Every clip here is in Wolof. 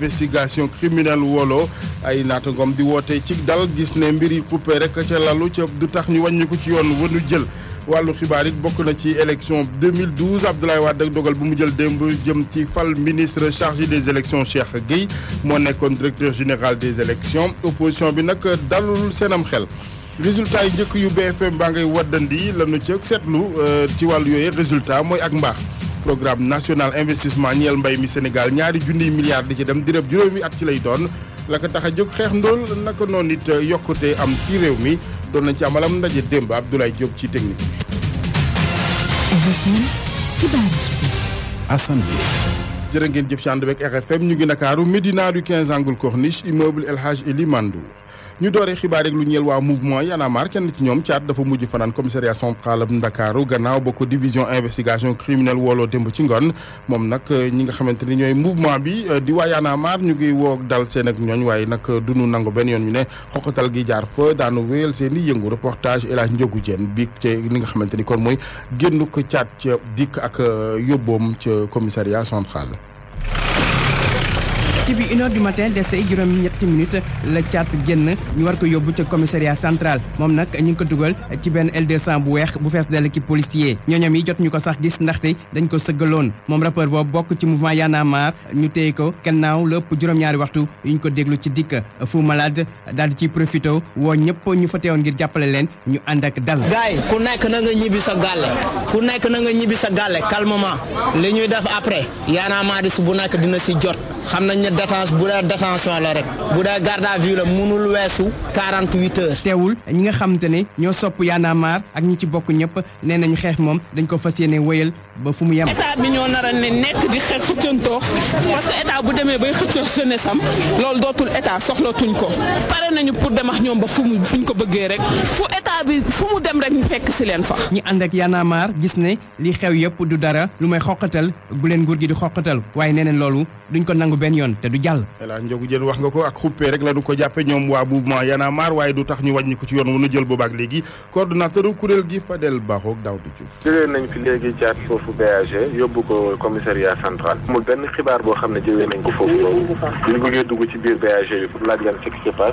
investigation criminelle wolo ay naata naataangoom di woote ci dal gis ne mbir yi xuppe rek ca lalu ca du tax ñu wàññi ko ci yoon wënu jël. wàllu xibaar it bokk na ci élection 2012 Abdoulaye Wade ak dogal bu mu jël démb jëm ci fal ministre chargé des élections Cheikh Gueye moo nekkoon directeur général des élections opposition bi nag dalul seenam xel. résultat yi njëkk yu BFM baa ngay waddandi lanu cëg seetlu euh, ci wàllu yooyu résultat mooy ak mbaax. programme national investissement ñeel mbay mi Sénégal ñaari junniy milliards di ci dem diréb juróomi at ci lay doon la ko tax a jóg xeex ndóol naka noon it yokkute am ci réew mi doon nañ ci amalam ndaje démb Abdoulaye Diop ci technique bi. jërë ngeen jëf ci ànd beeg RFM ñu ngi Ndakaaru Médina du 15 angle Corniche immeuble El Hadj Eli Mandour ñu dooree xibaar yi lu ñeel waa mouvement Y en a kenn ci ñoom caat dafa mujj fanaan commissariat central Ndakaaru gannaaw ba ko division investigation criminelle wooloo démb ci ngoon moom nag euh, ñi nga xamante ni ñooy mouvement bi euh, di waa Y ñu ngi woo dal seen ak ñooñ waaye nag euh, duñu nangu benn yoon ñu ne xoqatal gi jaar fa daanu wéyal seen i yëngu reportage El Hadj Ndiogou Diène bi ci li nga xamante ni kon mooy génn ko caat ca dikk ak yóbboom ca commissariat central ci bi une heure du matin dese juróom ñetti minutes la caat génn ñu war ko yóbbu ca commissariat central moom nag ñu ngi ko dugal ci benn L200 bu weex bu fees dell ki policier ñooñoom yi jot ñu ko sax gis ndaxte dañ ko sëggaloon moom rappeur boobu bokk ci mouvement Y a marre ñu téye ko gannaaw la juróom-ñaari waxtu yu ñu ko déglu ci dikk Fou Malade daal di ciy woo ñëpp ñu fa teewoon ngir jàppale leen ñu ànd ak dal gaay ku nekk na nga ñibbi sa gàlle ku nekk na nga ñibbi sa gàlle calmement a marre ne bu dee détention rek bu dee garde à vue la mënul weesu 48 heures. teewul ñi nga xamante ne ñoo sopp Y'en ak ñi ci bokk ñëpp nee nañu xeex moom dañ ko fas yéene wéyal ba fu mu yem. état bi ñoo nar a ne nekk di xeex xëccantoox parce que état bu demee bay xëccoo jeunesse am loolu dootul état tuñ ko pare nañu pour dem ñoom ba fu mu fuñ ko bëggee rek fu état bi fu mu dem rek ñu fekk si leen fa. ñi ànd ak Y'en gis ne li xew yëpp du dara lu may xoqatal gu leen nguur gi di xoqatal waaye nee loolu duñ ko nangu benn yoon te du jàll. voilà Ndiogou Diène wax nga ko ak xuppee rek la ko jàppe ñoom waa mouvement Y'en a marre waaye du tax ñu wàññi ko ci yoon wu nu jël boobaak léegi coordonnateur kuréel gi Fadel Barro Daouda Diouf. jógee nañ fi léegi bu BAG yóbbu ko commissariat central amul benn xibaar boo xam ne jëwee nañ ko foofu loolu ñu bëggee dugg ci biir BAG bi pour laaj leen ce qui se ñu boo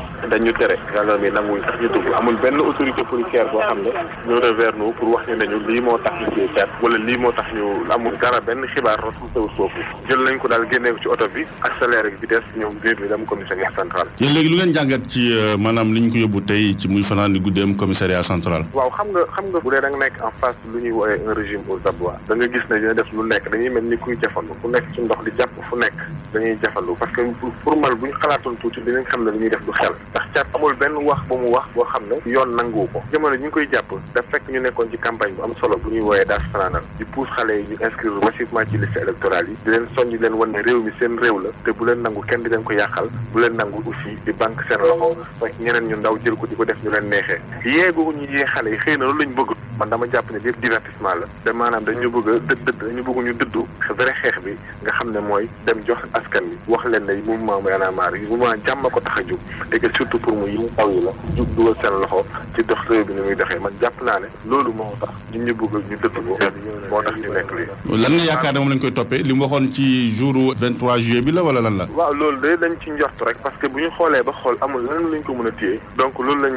xam ne ñoo revers nous ñu lii moo tax ñu wala lii moo tax ñu amul benn xibaar rotuutawut foofu jël ko daal génnee ko ci oto bi accéléré vitesse ñëw biir bi dem commissariat central yéen léegi lu leen jàngat ci euh, maanaam li ñu ko yóbbu commissariat central waaw xam nga xam nga bu dee nekk en face lu ñuy woowee un régime aux abois nga gis ne ñooy def lu nekk dañuy mel ni kuy jafandu ku nekk ci ndox di jàpp fu nekk dañuy jafandu parce que pour man bu xalaatoon tuuti dinañ xam ne xam ne yoon ñu koy jàpp daf fekk ñu nekkoon ci campagne bu am solo bu ñuy wooyee daas fanaanal di pousse xale yi ñu inscrire massivement ci liste électorale yi di leen soññ di leen wan ne réew mi seen réew la te bu leen nangu kenn di leen ko yàqal bu leen nangu di banque seen loxo oh. ba ñeneen ñu ndaw jël ko bëgg a dëdd dëdd dañu bëgg ñu dëddu vrai xeex bi nga xam ne mooy dem jox askan bi wax leen ne mouvement bu yanamaar yi mouvement jàmm ko tax a jóg te mu yi man jàpp naa ne loolu moo tax ñun nekk lii lan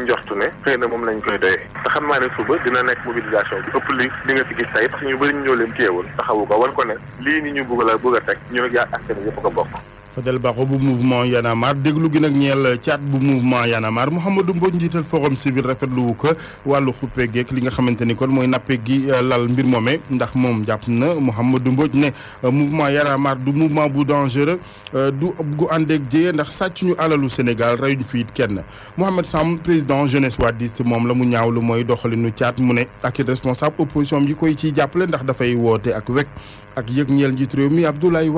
njort a ne xëy na moom lañ koy doyee te xam naa ne suba dina nekk mobilisation bi ëpp li di nga parce que ñu bëri ñu lim téyewoon taxawu ko wan ko ne lii ni ñu bëgg la bëgg a teg ñu nag yaa askan yëpp ko bokk fajal Bakho bu mouvement Y'en a déglu gi nag ñeel caat bu mouvement Y'en a marre Mouhamadou Mbodj njiital forum civil rafet wu ko wàllu xuppe geek li nga xamante ni kon mooy nappee gi euh, lal mbir moome ndax moom jàpp na Mouhamadou Mbodj ne euh, mouvement Y'en a du mouvement bu dangereux euh, du gu àndeeg jéye ndax sàcc ñu alalu Sénégal reyuñ fi it kenn Mouhamed Sam président jeunesse wadiste moom la mu ñaaw lu mooy doxalinu caat mu ne ak it responsable opposition yi koy ciy jàppale ndax dafay ak wekk ak yëg ñeel njiit réew mi Abdoulaye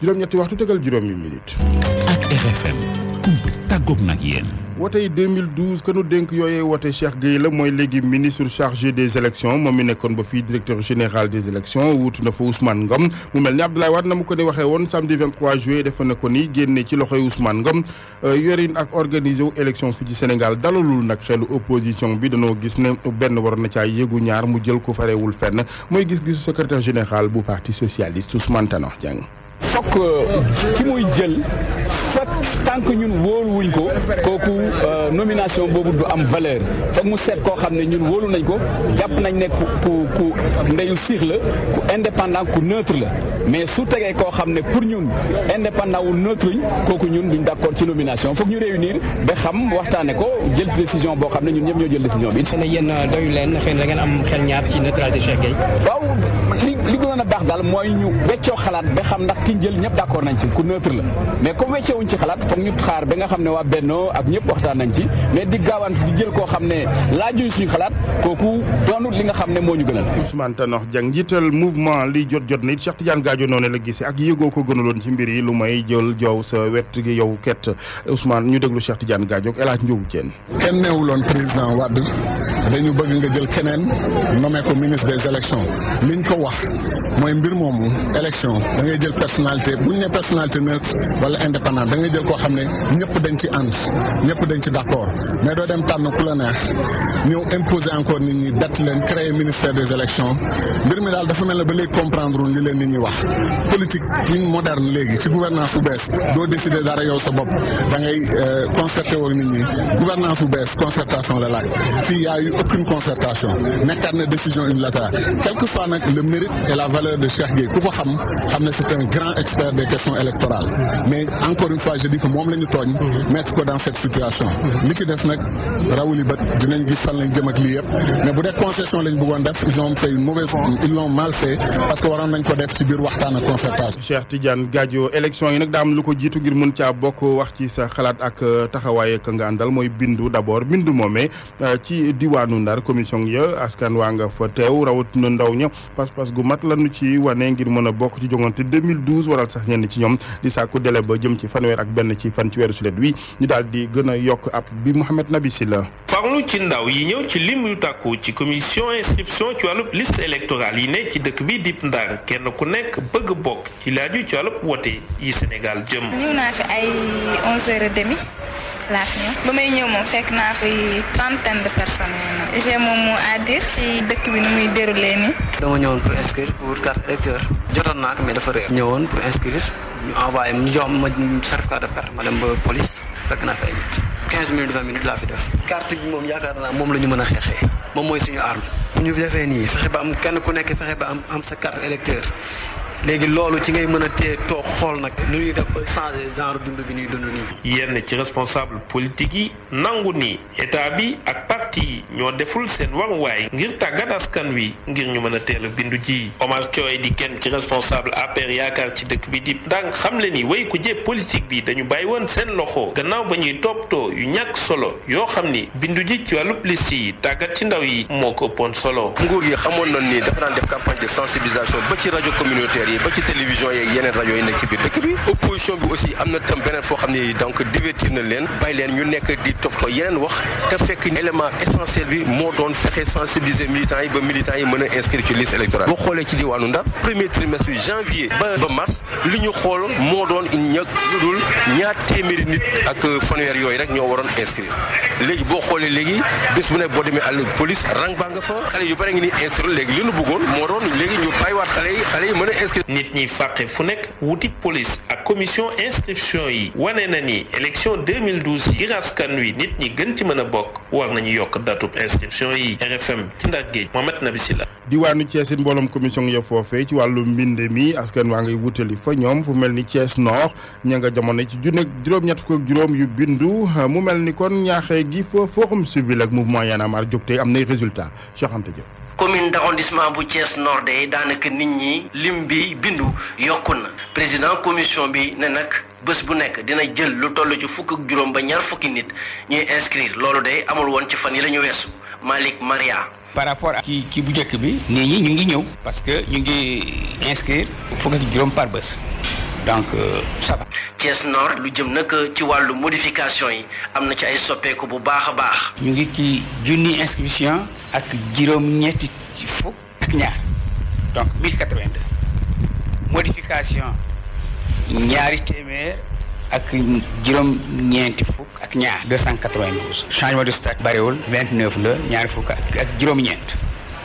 juróom-ñetti waxtu tegal juróomi minute. ak RFM kumpa tàggoog nag yéen. wootey 2012 kanu dénk yooyee woote Cheikh Gueye la mooy léegi ministre chargé des élections moom mi nekkoon ba fii directeur général des élections wutu na fa Ousmane Ngom mu mel ni Abdoulaye Wade na ma ko ni waxee woon samedi 23 juillet defe na ko ni génne ci loxoy Ousmane Ngom euh, yorin ak organisé wu élection fii ci Sénégal dalalul nag xelu opposition bi danoo gis ne benn waroon na caa yëgu ñaar mu jël ko farewul fenn mooy gis-gisu secrétaire général bu parti socialiste Ousmane Tanor Dieng fokk euh, ki muy jël. tant que ñun wóoluwuñ ko kooku euh, nomination boobu du am valeur foog mu seet koo xam ne ñun wóolu nañ ko jàpp nañ ne ku ku ndeyu siix la ku indépendant ku neutre la mais su tegee koo xam ne pour ñun indépendant wu neutre ñu kooku ñun duñ d'accord ci nomination foog ñu réunir ba xam waxtaane ko jël décision boo xam ne ñun ñëpp ñoo jël décision bi. xëy na yéen euh, doyu leen xëy na am xel ñaar ci neutralité Cheikh Gueye. waaw li li gënoon a baax daal mooy ñu weccoo xalaat ba xam ndax ki jël ñëpp d'accord nañ ci ku la ak ñu xaar ba nga xam ne waa Benno ak ñëpp waxtaan nañ ci mais di gaawant di jël koo xam ne laajuñ suñu xalaat kooku doonul li nga xam ne moo ñu gënal. Ousmane Tanor Dieng njiital mouvement li jot jot na it Cheikh Tidiane Gadio noonu la gisee ak yëgoo ko gënaloon ci mbir yi lu may jël joow sa wet gi yow ket Ousmane ñu déglu Cheikh Tidiane Gadio ak El Hadj Ndiogu Dieng. kenn neewuloon président Wade dañu bëgg nga jël keneen nommé ko ministre des élections liñ ko wax mooy mbir moomu élection da ngay jël personnalité buñ ne personnalité neutre wala da xam ne ñëpp d' accord mais doo dem tànn ku la neex ñëw imposer encore nit ñi date leen créer ministère des élections mbir mi daal dafa mel ne ba léegi comprendre li leen nit ñi wax politique ñu moderne léegi ci gouvernance bu bees doo décider dara yow sa bopp da ngay euh, concerté woon nit ñi gouvernance bu bees concertation la laaj fii y a eu aucune concertation nekkaat na décision unilatérale quel que soit nag le mérite et la valeur de Cheikh Gueye ku ko xam xam ne c' est un grand expert des questions électorales mais encore moom la ñu tooñ mhm. mettre ko dans cette situation li ci des nag rawuli bët dinañ gis fan lañ jëm ak lii yëpp mais bu dee concession lañ bëggoon def ils ont fait une mauvaise ils l'ont mal fait parce que waroon nañ ko def si biir waxtaan ak concertation Cheikh Tidiane Gadio élection yi nag daa lu ko jiitu ngir mën caa bokk wax ci sa xalaat ak euh, taxawaay ak nga àndal mooy bindu d'abord bindu moomee euh, ci diwaanu Ndar commission ya askan waa nga fa teew rawatina ndaw ña pas-pas gu mat lanu ci wane ngir mën a bokk ci jongante 2012 waral sax ñenn ci ñoom di sàkku délai ba jëm ci fanweer ak benn fukki fan ci weeru sulet wi ñu daal di gën a yokk ab bi Mouhamed Nabi Sylla farlu ci ndaw yi ñëw ci lim yu tàkku ci commission inscription ci wàllub liste électorale yi ne ci dëkk bi dip Ndar kenn ku nekk bëgg bokk ci laaju ci wàllub wote yi Sénégal jëm. ñëw naa fi ay ba may ñëw moom fekk naa fi trentaine de personnes yi j'ai mon mot ci dëkk bi ni muy déroulé nii. dama ñëwoon pour inscrire pour carte électeur jotoon naa ko mais dafa réer. ñëwoon pour inscrire. ñu envoyé ñu jox ma certificat de perte ma dem ba police fekk naa fi ay nit 15 minutes 20 minutes laa fi def carte bi moom yaakaar naa moom la ñu mën a xeexee moom mooy suñu arme bu ñu defee nii fexe ba am kenn ku nekk fexe ba am am sa carte électeur léegi loolu ci ngay mën a téye toog xool nag nu def ba changer genre dund bi ñuy dund nii. yenn ci responsable politique yi nangu ni état bi ak parti yi ñoo deful seen waruwaay ngir tàggat askan wi ngir ñu mën a teel a bindu ji Omar Thioye di kenn ci responsable APR yaakaar ci dëkk bi di ndang xamle ni way ku jee politique bi dañu bàyyi woon seen loxo gannaaw ba ñuy toppatoo yu ñàkk solo yoo xam ni bindu ji ci wàllub liste yi tàggat ci ndaw yi moo ko ëppoon solo. nguur yi xamoon na ni dafa daan def campagne de ba ci rajo communautaire affaires yi ba ci télévision yeneen rajo yi nekk ci biir dëkk bi opposition bi aussi am na tam beneen foo xam ne donc divertir leen bàyyi leen ñu nekk di toppatoo yeneen wax te fekk élément essentiel bi moo doon fexe sensibiliser militants yi ba militants yi mën a inscrire ci liste électorale boo xoolee ci diwaanu Ndar premier trimestre janvier ba mars li ñu xool moo doon ñag lu dul ñaar téeméeri nit ak fanweer yooyu rek ñoo waroon inscrire léegi boo xoolee léegi bés bu nekk boo demee àll police nit ñi fàqe fu nekk wuti police ak commission inscription yi wane na ni élection 2012 yi askan wi nit ñi gën ci mën a bokk war nañu yokk datub inscription yi RFM ci Ndar Géej na Nabi la diwaanu Thiès it mbooloom commission ya foofee ci wàllu mbind mi askan waa ngay wutali fa ñoom fu mel ni Thiès Nord ña nga jamono ci junne ak juróom-ñett fukk juróom yu bindu mu mel ni kon ñaaxee gi foo forum civil ak mouvement Y'en a marre jóg tey am nay résultat Cheikh Anta Diop commune d' arrondissement bu Thiès Nord de daanaka nit ñi lim bi bindu yokku na président commission bi ne nag bés bu nekk dina jël lu toll ci fukk ak juróom ba ñaar fukki nit ñuy inscrire loolu de amul woon ci fan yi la ñu weesu Malick Maria. par rapport ak kii kii bu njëkk bi. nit ñi ñu ngi ñëw. parce que ñu ngi inscrire fukk ak juróom par bés. donc euh, ça va. Nord lu jëm nag euh, ci wàllu modification yi am na ci ay soppeeku bu baax a baax. ñu ngi ci junni inscription ak juróom-ñetti ci fukk ak ñaar donc 1082 modification ñaari téeméer ak juróom-ñeenti fukk ak ñaar 292 changement de statut bariwul 29 la ñaari fukk ak ak juróom-ñeent.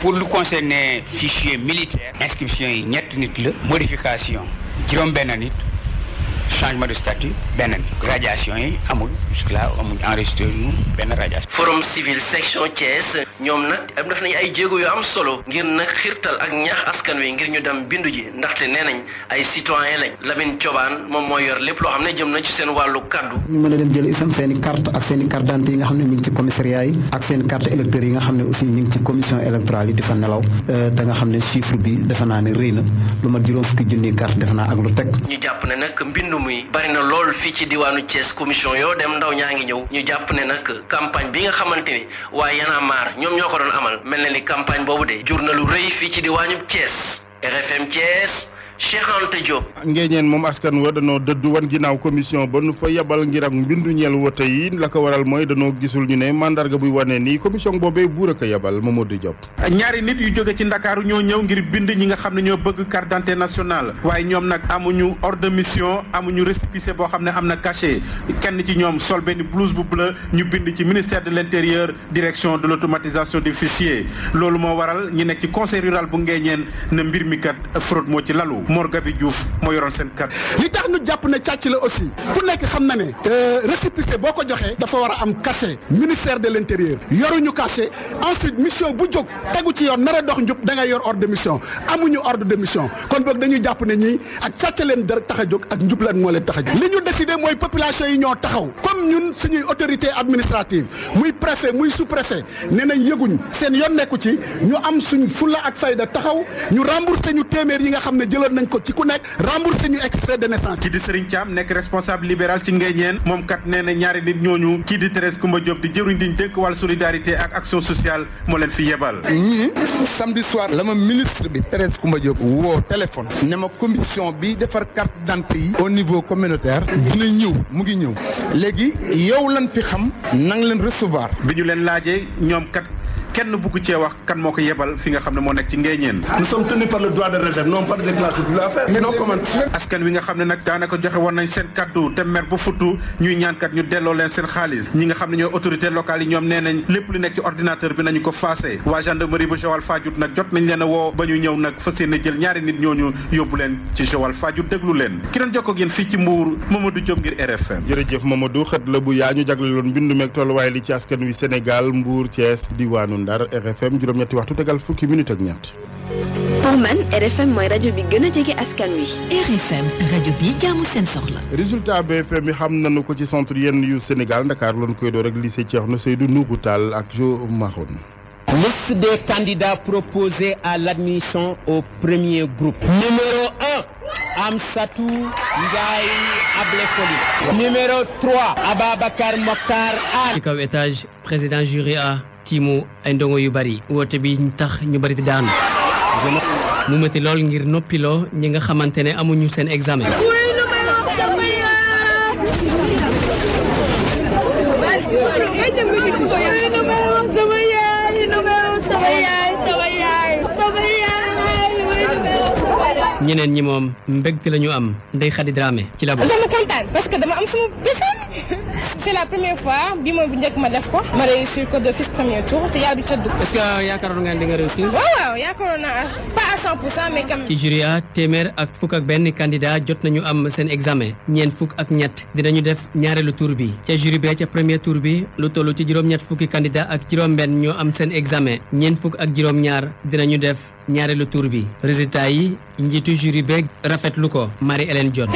pour lu concerner fichier militaire inscription yi ñetti nit la modification. juróom benn nit changement de statut benn radiation yi amul jusque là amul forum civil section Thiès ñoom nag am def nañu ay jéego yu am solo ngir nag xirtal ak ñaax askan wi ngir ñu dem bindu ji ndaxte nee nañ ay citoyen lañ Lamine Thioban moom mooy yor lépp loo xam ne jëm na ci seen wàllu kaddu. ñu mën a leen jël itam seen i carte ak seen i carte d'identité yi nga xam ne ñu ngi ci commissariat yi ak seen carte électeurs yi nga xam ne aussi ñu ci commission électorale yi di nelaw te euh, nga xam naa ne na lu mat juróom fukki junniy carte réew mi bari na lool fii ci diwaanu Thiès commission yoo dem ndaw ñaa ngi ñëw ñu jàpp ne nag campagne bi nga xamante ni waa Y en ñoom ñoo ko doon amal mel na ni campagne boobu de jur na lu rëy fii ci diwaanu Thiès RFM Thiès Cheikh Anta Diop. Ngéeñeen moom askan wa danoo dëddu wan ginnaaw commission ba nu fa yebal ngir ak mbindu ñeel wote yi la ko waral mooy danoo gisul ñu ne mandarga buy wane nii commission boobee buur ko yebal Mamadou Diop. ñaari nit yu jóge ci ndakaaru ñoo ñëw ngir bind ñi nga xam ne ñoo bëgg carte d'identité nationale waaye ñoom nag amuñu ñu de mission amuñu récépissé boo xam ne am na cachet kenn ci ñoom sol benn blouse bu bleu ñu bind ci ministère de l'intérieur direction de l'automatisation des fichiers loolu moo waral ñi nekk ci conseil rural bu Ngéeñeen ne mbir mi kat fraude moo ci lalu. Mor Gabi Diouf moo yoroon seen kàddu. li tax ñu jàpp ne càcc la aussi ku nekk xam na ne euh, récépissé boo ko joxee dafa war a am cachet ministère de l' intérieur yoruñu cachet ensuite mission bu jóg tegu ci yoon nar a dox njub da yor ordre de mission amuñu ordre de mission kon boog dañuy jàpp ne ñii ak càcc leen dara tax a jóg ak njub leen moo leen tax a jóg. li ñu décidé mooy population yi ñoo taxaw comme ñun suñuy autorité administrative muy préfet muy sous préfet nee nañ yëguñ seen yoon nekku ci ñu am suñ fulla ak fayda ñu remboursé yi nga xam ne nañ ko ci ku nekk remboursé ñu extrait de naissance. kii di Serigne Thiam nekk responsable libéral ci Nguéniène moom kat nee na ñaari nit ñooñu kii di Thérèse Koumba Diop di jëruñ diñ dëkk wàllu solidarité ak action sociale moo leen fi yebal. ñii samedi soir la ma ministre bi Thérèse Koumba Diop woo téléphone ne ma commission bi defar carte d'identité yi au niveau communautaire dina ñëw mu ngi ñëw léegi yow lan fi xam nang leen recevoir bi ñu leen laajee ñoom kat kenn bugg cee wax kan moo ko yebal fi nga xam ne moo nekk ci ngéeñeen. nous sommes tenus par le droit de réserve non par déclaration de l'affaire mais non comment. askan wi nga xam ne nag daanaka joxe woon nañ seen kaddu te mer bu futu ñuy ñaankat ñu delloo leen seen xaalis ñi nga xam ne ñoo autorité locale yi ñoom nee nañ lépp lu nekk ci ordinateur bi nañu ko faase waa gendarmerie bu Joal Fadiouth nag jot nañ leen woo ba ñu ñëw nag fas yéene jël ñaari nit ñooñu yóbbu leen ci Joal Fadiouth déglu leen ki doon jokkoo ak yéen fii ci Mbour Mamadou Diop ngir RFM jërëjëf Mamadou xët la bu yaa ñu jagleloon mbindu meeg tolluwaay li ci askan wi Sénégal Mbour Thiès Ndar RFM juróom-ñetti waxtu tegal fukki RFM mooy rajo bi gën jege askan wi. bi jaamu seen soxla. résultat BFM yi xam nañu ko ci centre yenn yu Sénégal Dakar loon koy door ak lycée Thierno Seydou des candidats proposés à l'admission au premier groupe. Numéro 1, Amsatou Ndiaye Ablefoli. Numéro Ababakar Mokhtar Anne. ci kaw étage président juré A. tiimu ay ndongo yu bari woote bi tax ñu bari di daanu mu métti lool ngir noppiloo ñi nga xamante ne amuñu seen examen ñeneen ñi moom mbégte lañu am Ndeye Khady Dramé ci la bokk. la première fois bi moom bu njëkk ma def ko. ma réussir ko de fils premier tour te yàlla du ca dugg. yaakaaroon nga di réussir. waaw yaakaaroon naa pas à pour cent mais quand même. ci jury téeméer ak fukk ak benn candidat jot nañu am seen examen ñeent fukk ak ñett dinañu def ñaareelu tour bi ca jury bi ca premier tour bi lu toll ci juróom-ñett fukki ak juróom-benn ñoo am seen examen ñeent fukk ak juróom-ñaar dinañu def ñaareelu tour bi résultat yi njiitu jury beeg rafetlu ko Marie Hélène Dione.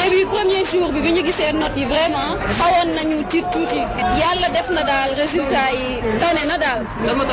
jour bi bi ñu gisee notes yi vraiment xawoon nañu tiit tuuti yàlla def na daal résultat yi tane na daal. lan moo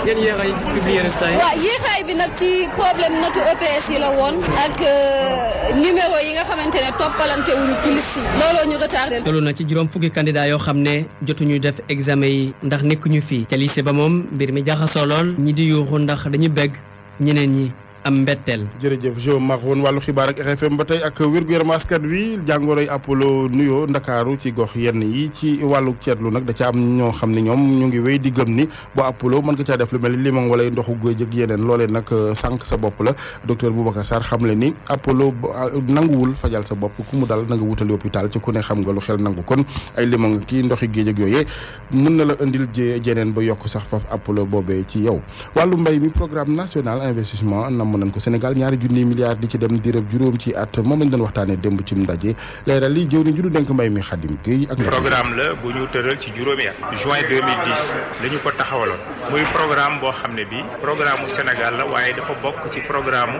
bi nag ci problème notu EPS yi la woon ak euh, numéro yi nga xamante ne toppalante wuñu ci liste yi looloo ñu retardé. toll na ci juróom fukki candidat yoo xam ne jotuñu def examen yi ndax nekkuñu fii ca lycée ba moom mbir mi jaxasoo lool ñii di yuuxu ndax dañu bégg ñeneen ñi. am mbetteel. jërëjëf Jo Mar woon wàllu xibaar ak RFM ba tey ak wér-gu-yaram askan wi jàngoroy Apollo nuyoo ndakaaru ci gox yenn yi ci wàllu ceetlu nag da ca am ñoo xam ne ñoom ñu ngi wéy di gëm ni bu Apollo mën nga caa def lu mel ni limon wala ndoxu géej ak yeneen loolee nag euh, sa bopp la docteur Boubacar Sarr xam le ni Apollo euh, nanguwul fajal sa bopp ku mu dal na nga ci ku ne xam nga lu xel nangu kon ay limon kii ndoxi géej ak yooyee mun na la indil jeneen ba yokk sax faf Apollo boobee ci yow wàllu mbay mi programme national investissement namm nañ ko Sénégal ñaari junni milliards di ci dem diirëb juróom ci at moom lañ doon waxtaanee démb ci ndaje leeral li jëw ni ju du denk mbay mi Xadim Gueye ak programme la bu ñu tëral ci juróomi at juin 2010 ko taxawaloon muy programme boo xam ne bi programme Sénégal la waaye dafa bokk ci programme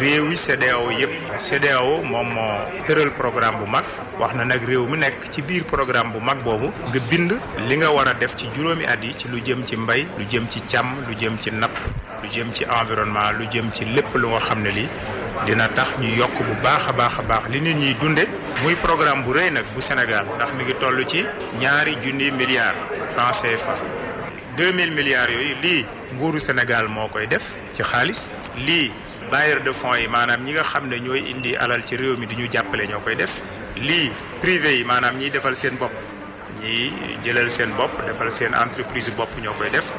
réew yi CEDEAO yëpp CEDEAO moom moo tëral programme bu mag wax na nag réew mu nekk ci biir programme bu mag boobu nga bind li nga war a def ci juróomi at yi ci lu jëm ci mbay lu jëm ci càmm lu jëm ci nap lu jëm ci environnement lu jëm ci lépp lu nga xam ne lii dina tax ñu yokk bu baax a baax a baax li nit ñiy dunde muy programme bu rëy nag bu Sénégal ndax mi ngi toll ci ñaari junni milliards francs CFA 2000 milliards yooyu lii nguuru Sénégal moo koy def ci xaalis lii bailleur de fonds yi maanaam ñi nga xam ne ñooy indi alal ci réew mi du ñu jàppale ñoo koy def lii privé yi maanaam ñiy defal seen bopp ñiy jëlal seen bopp defal seen entreprise bopp ñoo koy def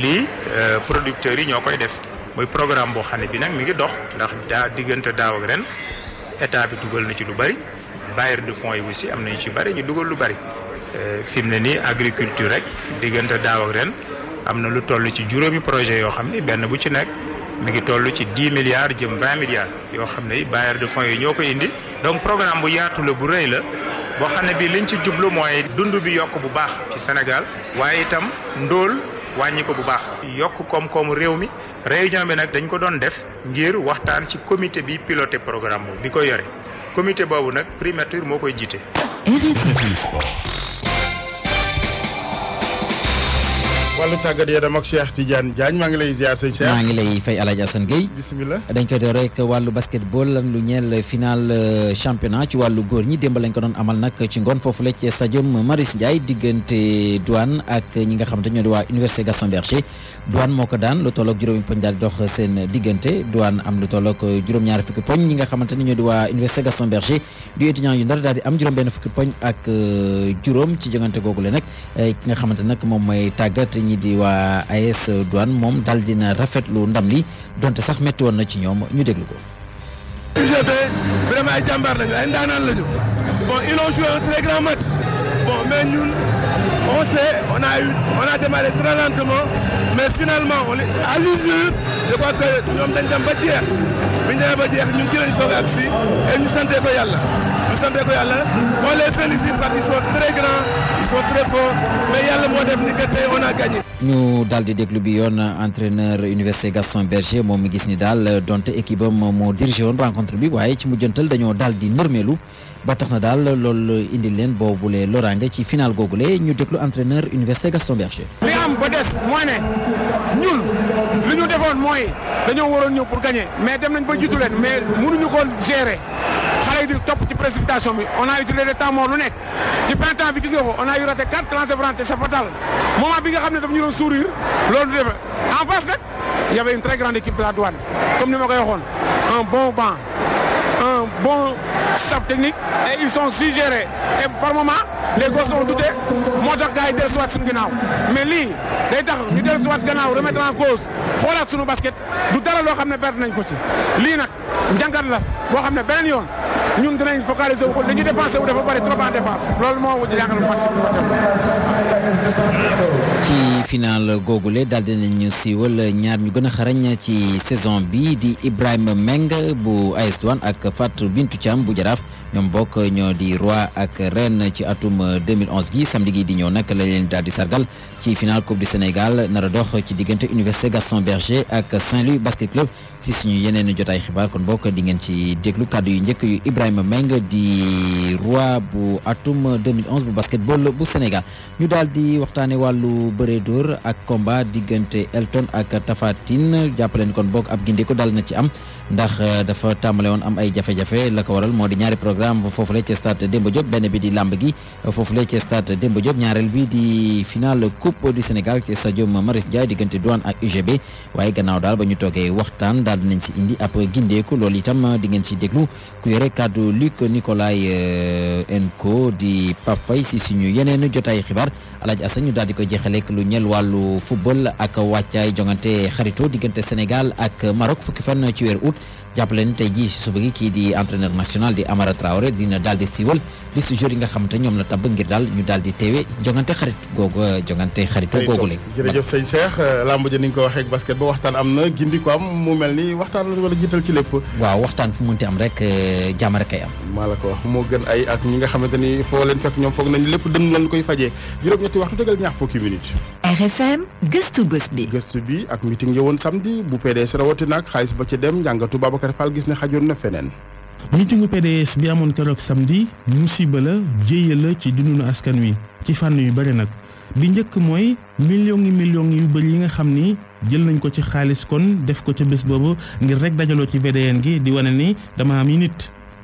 lii euh, producteurs yi ñoo koy def muy programme boo xam ne bi nag mi ngi dox ndax daa diggante daaw ak ren état bi dugal na ci lu bari bailleur de fonds yi aussi am nañu ci bari ñu dugal lu bari euh, fi mu ne nii agriculture rek diggante daaw ren am na lu toll ci juróomi projet yoo xam ne benn bu ci nekk. mi ngi toll ci dix milliards jëm vingt milliards yoo xam ne bailleurs de fonds yi ñoo ko indi. donc programme bu yaatu la bu rëy la boo xam ne bii liñ ci jublu mooy dund bi yokk bu baax ci Sénégal waaye itam ndóol wàññi ko bu baax. yokk koom-koomu réew mi réunion bi nag dañ ko doon def ngir waxtaan ci comité bi piloté programme bi koy yore comité boobu nag primature moo koy jiite. wàllu tàggat yaram ak Cheikh Tidiane Diagne maa ngi lay ziar sëñ Cheikh maa ngi lay fay El Hadj Assane Gueye bisimilah dañ koy door rek wàllu basketball ak lu ñeel final euh, championnat ci wàllu góor ñi démb lañ ko doon amal nag ci ngoon foofu la ci stadium Marius Ndiaye diggante Douane ak ñi nga xamante ñoo di waa Université Gaston Berger Douane moo ko daan lu tolloog juróomi poñ daal di dox seen diggante Douane am lu tolloog juróom-ñaar fukki poñ ñi nga xamante ni ñoo di waa Université Gaston Berger du étudiant daal di am juróom benn fukki poñ ak euh, juróom ci jongante googu le nag ki nga xamante nag moom mooy tàggat ñi di waa AS Douane moom daal dina rafetlu ndam li donte sax métti woon na ci ñoom ñu déglu ko. UGB vraiment ay jàmbaar lañu ay ndaanaan lañu bon ils on sait on a mais finalement on est à l'usure je crois que ñoom dañ dem ba jeex bi ñu demee ba jeex ñun ci soog a agsi et ñu sante ko yàlla. sant ko yàlla on les félicite parce qu'ils sont très yàlla moo def ni que tey on a ñu daal di déglu bi yoon entraîneur Université Gaston Berger moom mi gis ni daal donte équipe am moo dirigé rencontre bi waaye ci mujjantal dañoo daal di nërmeelu ba tax na daal loolu indi leen boobule loraange ci final googule ñu déglu entraîneur Université Gaston Berger. li am ba des mooy ne ñun li ñu defoon mooy dañoo waroon ñëw pour gagner mais dem nañ gars yi di topp ci précipitation bi on a utilisé le temps mort lu nekk ci printemps bi gis nga ko on a eu raté quatre lancers francs c'est bi nga xam ne daf ñu doon loolu du defe en face nag une très grande équipe de la douane comme ni ma koy waxoon un bon banc un bon staff technique et ils sont suggérés et par moment les gosses ont douté moo tax gars yi dellusiwaat suñu gannaaw mais lii day tax ñu dellusiwaat gannaaw remettre en cause xoolaat suñu basket du dara loo xam ne perte nañ ko ci lii nag njàngat la boo xam ne beneen yoon ñun dinañ focaliser wu ko li ñu ci final googule daal dinañu siiwal ñaar ñu gën a xarañ ci saison bi di Ibrahima Meng bu AS Douanes ak Fatou Bintou Thiam bu Jaraaf ñoom bokk ñoo di roi ak ren ci atum 2011 gi samedi gi di ñëw nag la leen daal di sargal ci final coupe du Sénégal nar dox ci diggante Université Gaston Berger ak Saint-Louis Basket Club si suñu yeneen jotaay xibaar kon bokk di ngeen ci déglu kàddu yu njëkk yu. Ibrahima Meng di roi bu atum 2011 bu basketball bu Sénégal ñu daal di waxtaane wàllu bëre dóor ak combat diggante Elton ak Tafatine jàppaleen kon boog ab gindeeku dal na ci am ndax euh, dafa tàmbale woon am ay jafe-jafe la waral moo di ñaari programme foofule ci stade Demba Diop benn bi di làmb gi euh, foofule ci stade Demba Diop ñaareel bi di finale coupe du Sénégal ci stadium Maris Ndiaye diggante Douane ak UGB waaye gannaaw daal ba ñu toogee waxtaan daal nañ si indi ab gindeeku loolu itam di ngeen ci déglu kàddu Luc Nicolaï Enco euh, di Pape Faye si suñu yeneen jotaay xibaar Alaaji Asan ñu daal di ko jeexaleek lu ñel wàllu football ak wàccaay jongante xarito diggante Sénégal ak Maroc fukki fan ci weer août jàppale ne tey jii si suba gi kii di entraîneur national di Amara Traoré dina daal di siiwal liste joueurs yi nga xam ñoom la tabb ngir daal ñu daal teewe jongante xarit googu euh, jongante xaritu googu la jërëjëf sëñ Cheikh euh, lamb ni ko waxee ak waxtaan am na gindi ko am mu mel ni waxtaan la jiital ci lépp waaw waxtaan fu munti am rek euh, jàmm rek am maa la ko wax moo gën ay ak ñi nga xamante ni foo leen fekk ñoom foog nañ lépp dënn lañ koy Babacar Fall gis ne xajoon na feneen. mitingu PDS bi amoon keroog samedi musiba la jéeya la ci dundunu askan wi ci fànn yu bëri nag bi njëkk mooy million yi millions yu bëri yi nga xam ni jël nañ ko ci xaalis kon def ko ca bés boobu ngir rek dajaloo ci VDN gi di wane ni dama am yi nit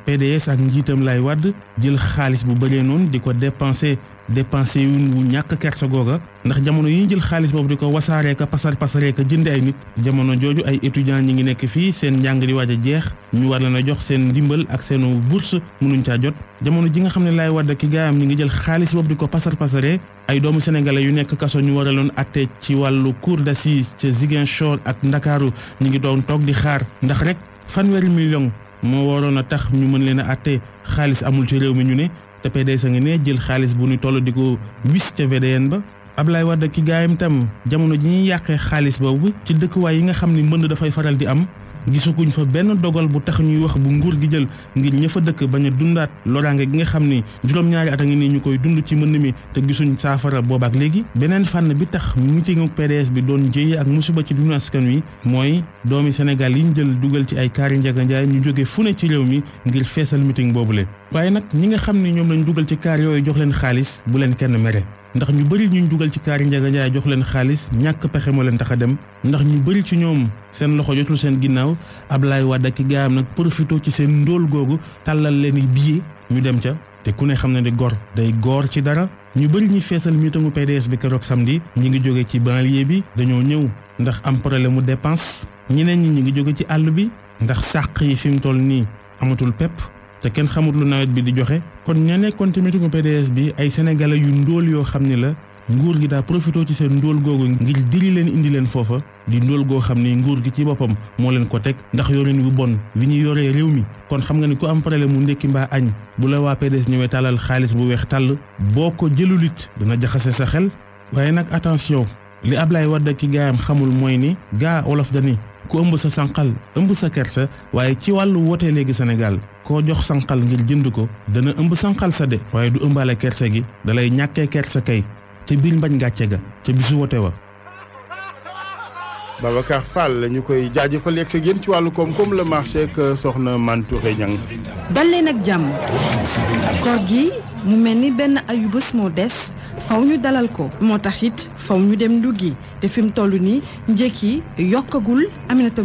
PDS ak njiitam lay wadd jël xaalis bu bëree noonu di ko dépenser dépensé yu wu ñàkk kersa googa ndax jamono yi ñu jël xaalis boobu di ko wasaaree ka pasar pasaree ka jënd ay nit jamono jooju ay étudiants ñi ngi nekk fii seen njàng di waaj a jeex ñu war leen a jox seen ndimbal ak seen bourse mënuñ caa jot jamono ji nga xam ne laay wadda ki gaayam ñi ngi jël xaalis boobu di ko pasar pasaree ay doomu sénégalais yu nekk kaso ñu waraloon atte ci wàllu cour d'assises ca Ziguinchor ak Ndakaaru ñi ngi doon toog di xaar ndax rek fanweeri million moo waroon a tax ñu mën leen a atte xaalis amul ci réew mi ñu ne te PDS a ngi ne jël xaalis bu ñu toll di ko wis ca VDN ba Ablaye Wade ki gaayam tam jamono ji ñuy yàqee xaalis boobu ci dëkk dëkkuwaay yi nga xam ni mbënd dafay faral di am gisuguñ fa benn dogal bu tax ñuy wax bu nguur gi jël ngir ña fa dëkk bañ dundaat loraange gi nga xam ni juróom-ñaari at a ngi nii ñu koy dund ci mën mi te gisuñ saafara boobaak léegi beneen fànn bi tax meetingu PDS bi doon jéye ak musiba ci dund askan wi mooy doomi Sénégal yi ñu jël dugal ci ay kaari njaga njaay ñu jóge fu ne ci réew mi ngir feesal boobu leen waaye nag ñi nga xam ni ñoom lañ dugal ci kaar yooyu jox leen xaalis bu leen kenn mere ndax ñu bëri ñuñ jugal ci kaari Njaga Njaay jox leen xaalis ñàkk pexe moo leen tax dem ndax ñu bëri ci ñoom seen loxo yotul seen ginnaaw ab Ablaye Wade ak gaayam nag profité ci seen ndóol googu tàllal leen i ñu dem ca te ku ne xam na ne gor day goor ci dara ñu bëri ñi feesal miitangu PDS bi keroog samedi ñi ngi jóge ci banlieue bi dañoo ñëw ndax am mu dépense ñeneen ñi ñi ngi jóge ci àll bi ndax sàq yi fi mu toll nii amatul pépp te kenn xamut lu nawet bi di joxe kon ña nekkoon tamit mu PDS bi ay sénégalais yu ndóol yoo xam ne la nguur gi daal profité ci seen ndóol googu ngir diri leen indi leen foofa di ndóol goo xam ni nguur gi ci boppam moo leen ko teg ndax yorin wu bon wi ñu yoree réew mi kon xam nga ni ku am problème mu ndékki mbaa añ bu la waa PDS ñëwee tàllal xaalis bu weex tàll boo ko jëlul it dina jaxase sa xel waaye nag attention li Ablaye Wade ki gaayam xamul mooy ni gaa olof dani ku sa sànqal ëmb sa kersa waaye ci wàllu wote léegi Sénégal koo jox sànqal ngir jënd ko dana ëmb sànqal sa de waaye du ëmbaale kerse gi dalay ñàkkee kersa kay ca biir mbañ gàcce ga ca bisu wote wa Babacar Fall ñu koy jaajëfal yegg sa yéen ci wàllu koom-koom la marché ak soxna Mantouré Niang. dal nag ak jàmm koor gi mu mel ni benn ayubés moo des faw ñu dalal ko moo tax it faw ñu dem nduggi te fi mu toll nii njëkk yi yokkagul Aminata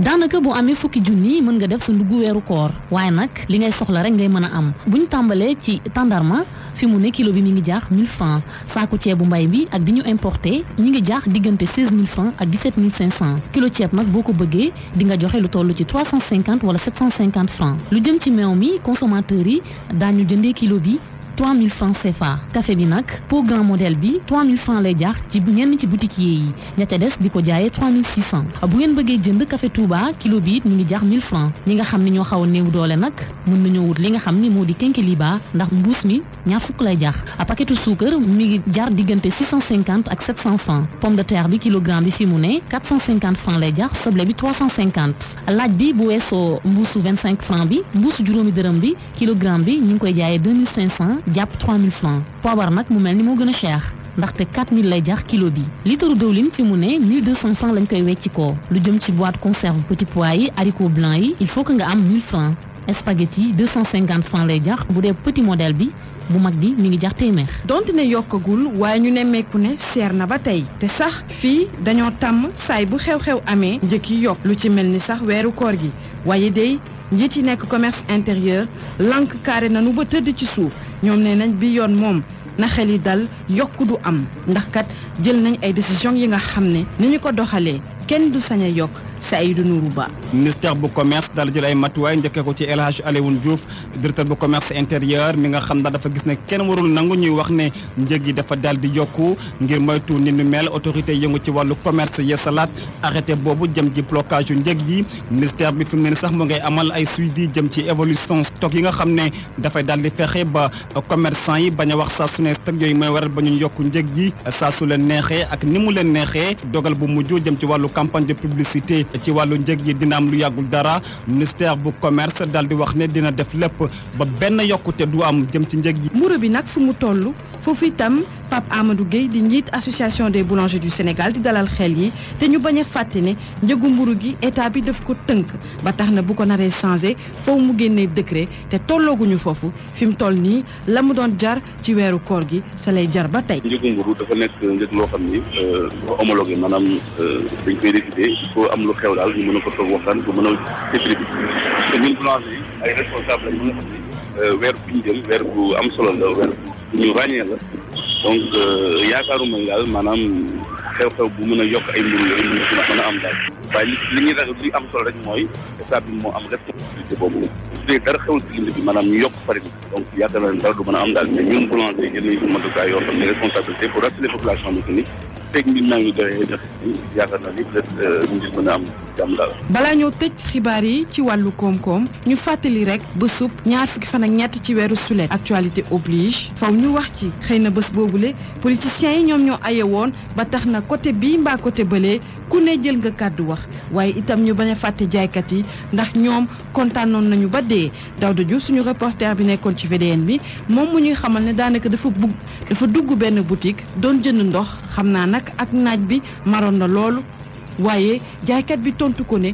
daanaka boo amee fukki junni mën nga def sa ndugg weeru koor waaye nag li ngay soxla rek ngay mën a am bu ñu tàmbalee ci tàndarma fi mu ne kilo bi mi ngi jaax 1000 francs saaku ceebu mbay bi ak bi ñu importé ñi ngi jaax diggante 16000 francs ak 17500 kilo ceeb nag boo ko bëggee di nga joxe lu toll ci 350 wala 750 francs lu jëm ci meew mi consommateur yi daañu jëndee kilo bi 3000 francs CFA café bi nag pour grand modèle bi 3000 francs lay jaar ci ñenn ci boutique yi ña ca des bi ko jaayee 3600 bu ngeen bëggee jënd café Touba kilo bi it ngi jaar 1000 francs ñi nga xam ne ñoo xaw a néew doole nag mën nañoo wut li nga xam ni moo di kenkeliba ndax mbuus mi ñaar fukk lay jaar paquetu suukar mi ngi jaar diggante 650 ak 700 francs pomme de terre bi kilogramme bi fi mu ne 450 francs lay jaar soble bi 350 laaj bi bu weesoo mbuusu 25 bi mbuusu juróomi dërëm bi kilogramme bi ñu ngi koy jaayee 2500 jàpp 3000 francs poobar nag mu mel ni moo gën a cher ndaxte 4000 lay jax kilo bi litre dëwlin fi mu ne 1200 francs lañ koy wecci koo lu jëm ci boîte conserve petit pois yi haricots blancs yi il faut que nga am 1000 francs spaghetti 250 francs lay jax bu dee petit modèle bi bu mag bi mi ngi jax téeméer. donte ne yokkagul waaye ñu nemmeeku ne seer na ba tey te sax fii dañoo tàmm saay bu xew-xew amee njëkk yi yokk lu ci mel ni sax weeru koor gi waaye day njiit yi nekk commerce intérieur lank carré na nu ba tëdd ci suuf. ñoom nee nañ bi yoon moom na xel yi dal yokkutu am ndax kat jël nañ ay décision yi nga xam ne ni ñu ko doxalee kenn du sañ a yokk Saïdou Nourou Ba. ministère bu commerce daal jël ay matuwaay njëkkee ko ci El Hadj Alioune Diouf directeur bu commerce intérieur mi nga xam daal dafa gis ne kenn warul nangu ñuy wax ne njëg yi dafa daal di yokku ngir moytu ni nu mel autorité yëngu ci wàllu commerce yeesalaat arrêté boobu jëm ci blocage yu njëg yi ministère bi fi mu ne sax mu ngay amal ay suivi jëm ci évolution stock yi nga xam ne dafay daal di fexe ba commerçant yi bañ a wax saa su ne stock yooyu mooy waral ba ñu yokku njëg yi saa su leen neexee ak ni mu leen neexee dogal bu mujj jëm ci wàllu campagne de publicité ci wàllu njëg yi dina am lu yàggul dara ministère bu commerce dal di wax ne dina def lépp ba benn yokkute du am jëm ci njëg yi. muro bi nag fu mu tollu foofu itam Pape Amadou Guèye di njiit association des boulangers du Sénégal di dalal xel yi te ñu bañ a fàtte ne njëgu mburu gi état bi daf ko tënk ba tax na bu ko naree changé foofu mu génnee décret te tollooguñu foofu fi mu toll nii la mu doon jar ci weeru koor gi sa lay jar ba tey. njëgu mburu dafa nekk xam ni euh, homologué euh, koy décider am lu xew daal ñu mën a ko toog waxtaan bu mën a décider te ñun boulanger yi ay responsable lañ a xam ne euh, weer bu ñu jël weer am solo la ñu ràññee la donc euh, yaakaaruma ni daal maanaam xew bu mën a yokk ay mbir yooyu a am daal waaye li li ñuy ragal li am solo rek mooy état moo am responsabilité boobu su dee dara xewul ci ligne bi maanaam ñu yokk farine donc yaakaar naa ne dara du mën a am daal mais ñun boulanger yi jël nañu suñu yoo xam ne responsabilité pour rassurer population bi que ni fekk mbir maa ngi doyee def yaakaar naa ni peut-être mbir mën a am jàmm daal. balaa ñëw tëj xibaar yi ci wàllu koom-koom ñu fàttali rek bésub ñaar fukki fanak ñett ci weeru sulet actualité oblige faw ñu wax ci xëy na bés boobule politiciens yi ñoom ñoo aye woon ba tax na côté bii mbaa côté bële ku ne jël nga kàddu wax waaye itam ñu bañ a fàtte jaaykat yi ndax ñoom kontaanoon nañu ba dee Daouda Diouf suñu reporter bi nekkoon ci VDN bi moom mu ñuy xamal ne daanaka dafa bugg dafa dugg benn boutique doon jënd ndox xam naa nag ak naaj bi maroon na loolu waaye jaaykat bi tontu ko ne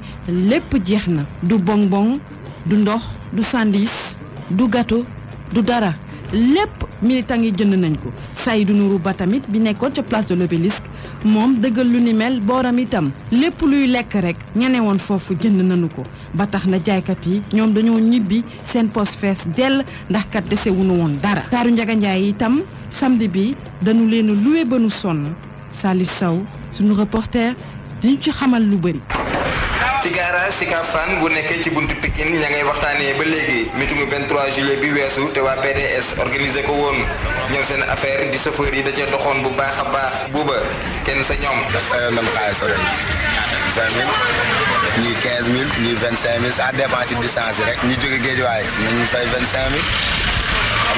lépp jeex na du bonbon du ndox du sandis du gâteau du dara lépp militant yi jënd nañ ko Saydou Nourou Ba tamit bi nekkoon ca place de l'obélisque moom dëggal lu ni mel booram itam lépp luy lekk rek ñane woon foofu jënd nañu ko ba tax na jaaykat yi ñoom dañoo ñibbi seen poos fees dell ndax kat dese wuñu woon dara. taaru njaganjaay yi itam samedi bi dañu leen a loué ba nu sonn Salif sunu reporter diñ ci xamal lu bëri. ci garage Sicap bu nekkee ci buntu Pikine ña ngay waxtaanee ba léegi meetingu 23 juillet bi weesu te waa PDS organisé ko woon ñoom seen affaire di chauffeur yi da cee doxoon bu baax a baax buuba kenn sa ñoom. def nañu xaalis ren vingt mille ñii mille vingt cinq mille ça dépend ci distance yi rek ñu jóge géej waaye nañu fay vingt cinq mille.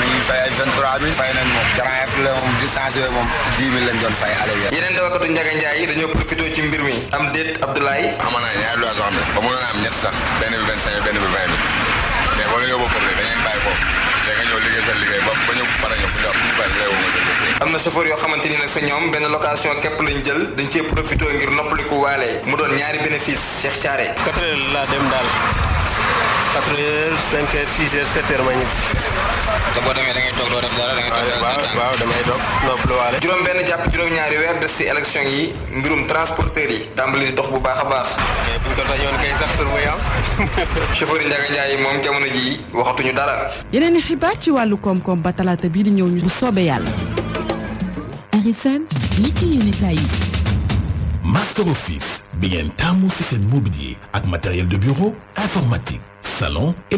nañu fay ay 23000 fay nañ la moom distance yooyu moom 10000 lañ doon yeneen dawalkatu Ndiaga Ndiaye dañoo profité ci mbir mi am déet Abdoulaye amoon naa ñaari lois yoo xam ne am sa liggéey na chauffeur yoo xamante ni nag sa ñoom benn location képp lañ jël dañ cee profité ngir noppaliku waale mu doon ñaari bénéfice Cheikh Thiaré quatre heures laa dem daal 4 heures 5 heures 6 heures boo demee da ngay toog doo def dara da ngay toog waaw waaw damay toog noppaluwaale. juróom benn jàpp juróom-ñaari weer des ci élection yi mbirum transporteur yi tàmbali dox bu baax a baax. bu ñu ko dañoon kay sax sur muy am. chauffeur Ndiaga moom jamono ji waxatuñu dara. yeneen i xibaar ci wàllu koom-koom ba talaata bii di ñëw ñu. bu soobee yàlla. RFM. niki yéen i kaay yi. Master Office. bi ngeen taamu si seen mobilier ak matériel de bureau informatique salon